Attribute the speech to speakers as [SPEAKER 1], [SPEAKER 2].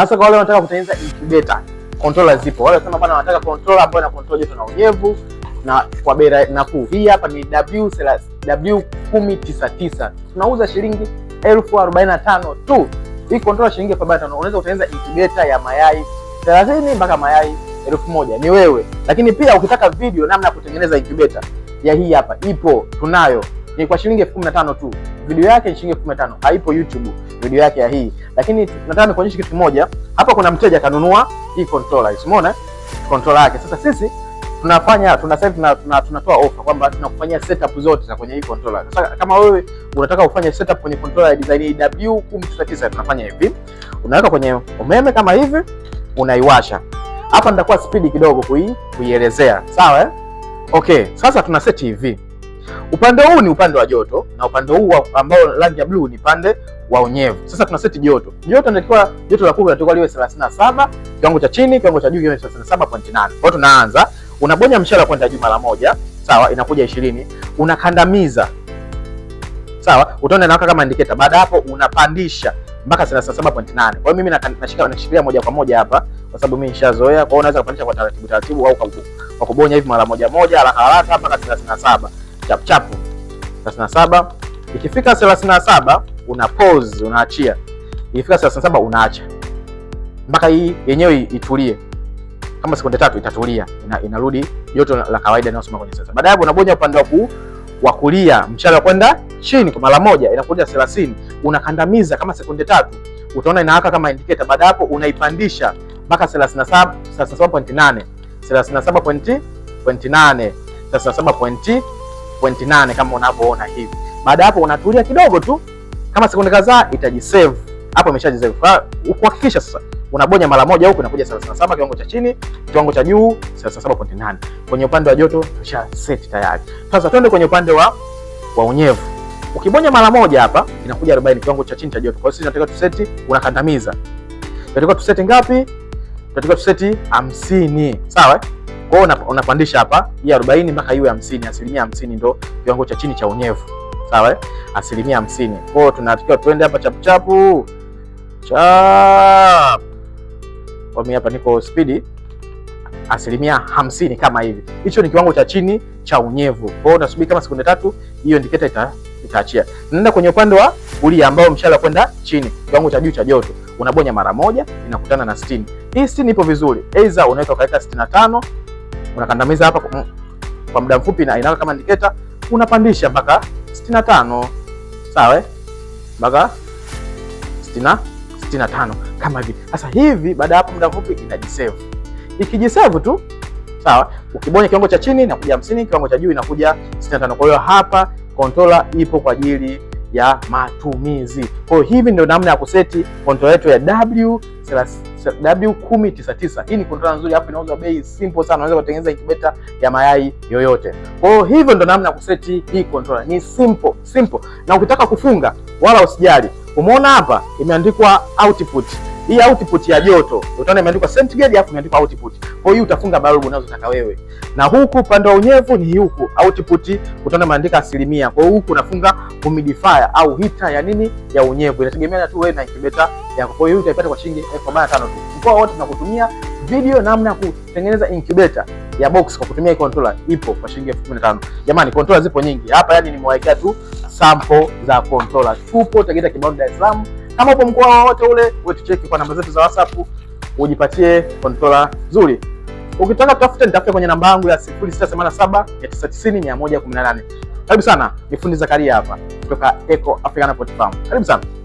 [SPEAKER 1] hasa kwa wale wanataka kutengeneza incubator. Controller zipo, wale wanasema bwana, wanataka controller ambayo ina control joto na unyevu na kwa bei nafuu. Hii hapa ni W1099 tunauza shilingi elfu arobaini na tano tu. Hii controller shilingi elfu arobaini na tano unaweza kutengeneza incubator ya mayai 30 mpaka mayai elfu moja ni wewe. Lakini pia ukitaka video namna ya kutengeneza incubator ya hii hapa ipo, tunayo ni kwa shilingi elfu kumi na tano tu. Video yake ni shilingi elfu kumi na tano haipo YouTube video yake ya hii, lakini nataka nikuonyeshe kitu kimoja hapa. Kuna mteja kanunua hii controller, umeona controller yake. Sasa sisi tunafanya tuna sasa na tuna, tunatoa offer kwamba tunakufanyia setup zote za kwenye hii controller. Sasa kama wewe unataka ufanye setup kwenye controller ya design W1099 tunafanya hivi, unaweka kwenye umeme kama hivi, unaiwasha hapa. Nitakuwa speed kidogo kuielezea, sawa eh? Okay, sasa tuna set hivi Upande huu ni upande wa joto na upande huu ambao rangi ya bluu ni pande wa unyevu. Sasa tuna seti joto. Joto inatakiwa joto la kuku inatakiwa liwe 37, kiwango cha chini, kiwango cha juu kiwe 37.8. Kwa hiyo tunaanza, unabonya mshale kwenda juu mara moja, sawa, inakuja 20. Unakandamiza. Sawa, utaona inawaka kama indicator. Baada hapo unapandisha mpaka 37.8. Kwa hiyo mimi nashika nashikilia moja kwa moja hapa kwa sababu mimi nishazoea. Kwa hiyo unaweza kupandisha kwa taratibu taratibu au kwa kubonya hivi mara moja moja haraka haraka mpaka 37 chapuchapu 37. Ikifika 37 una pause, unaachia. Ikifika 37 unaacha mpaka hii yenyewe itulie, kama sekunde tatu itatulia, ina, inarudi joto la kawaida inayosoma kwenye sensa. Baadaye hapo unabonya upande wa wa kulia mshale kwenda chini kwa mara moja, inakuja 30. Unakandamiza kama sekunde tatu, utaona inawaka kama indicator. Baada hapo unaipandisha mpaka 37, 37.8, 37.8, 37.8 0.8 kama unavyoona hivi. Baada hapo unatulia kidogo tu kama sekunde kadhaa itajisave hapo, imeshajisave kwa kuhakikisha sasa unabonya mara moja huko inakuja 37 kiwango cha chini, kiwango cha juu 37.8. Kwenye upande wa joto tusha set tayari. Sasa twende kwenye upande wa wa unyevu. Ukibonya mara moja hapa inakuja 40 kiwango cha chini cha joto. Kwa hiyo sisi tunataka tuseti, unakandamiza. Tunataka tuseti ngapi? Tunataka tuseti 50. Sawa? Kwa hiyo unapandisha hapa ya 40 mpaka iwe 50, asilimia 50 ndio kiwango cha chini cha unyevu. Sawa eh? Asilimia 50. Kwa hiyo tunatakiwa tuende hapa chapu chapu. Chap. Kwa mimi hapa niko spidi asilimia hamsini kama hivi. Hicho ni kiwango cha chini cha unyevu. Kwa hiyo unasubiri kama sekunde tatu, hiyo indicator ita itaachia. Nenda kwenye upande wa kulia ambao mshale kwenda chini, kiwango cha juu cha joto. Unabonya mara moja, inakutana na 60. Hii 60 ipo vizuri. Aidha unaweza ukaweka 65 unakandamiza hapa kwa muda mfupi na inaka kama indicator, unapandisha mpaka 65 sawa, eh? mpaka 60 65 kama hivi. Sasa hivi baada ya hapo muda mfupi inajisave, ikijisave tu sawa, ukibonya kiwango cha chini inakuja 50, kiwango cha juu inakuja 65. Kwa hiyo hapa controller ipo kwa ajili ya matumizi. Kwa hiyo hivi ndio namna ya kuseti kontrola yetu ya W W1099. Hii ni kontrola nzuri hapo, inauzwa bei simple sana, unaweza kutengeneza incubator ya mayai yoyote. Kwa hiyo hivyo ndo namna ya kuseti hii kontrola Ni simple simple, na ukitaka kufunga wala usijali. Umeona hapa imeandikwa output hii output ya joto utaona imeandikwa centigrade, hapo imeandikwa output. Kwa hiyo utafunga balbu unazotaka wewe, na huku upande wa unyevu ni huku output, utaona imeandika asilimia. Kwa hiyo huku unafunga humidifier au hita ya nini ya unyevu, inategemeana tu wewe na incubator yako. Kwa hiyo utaipata kwa shilingi 1500 tu. Mkoa wote tunakutumia video namna ya kutengeneza incubator ya box kwa kutumia hii controller, ipo kwa shilingi 15,000. Jamani, controller zipo nyingi hapa, yani nimewaekea tu sample za controller. Tupo Tegeta Kibao Dar es Salaam. Kama upo mkoa wowote ule, tucheki kwa namba zetu za WhatsApp ujipatie controller nzuri. Ukitaka tafuta, nitafute kwenye namba yangu ya 0687 990 118. Karibu sana, ni fundi Zakaria hapa kutoka Eco African Pot Farm. Karibu sana.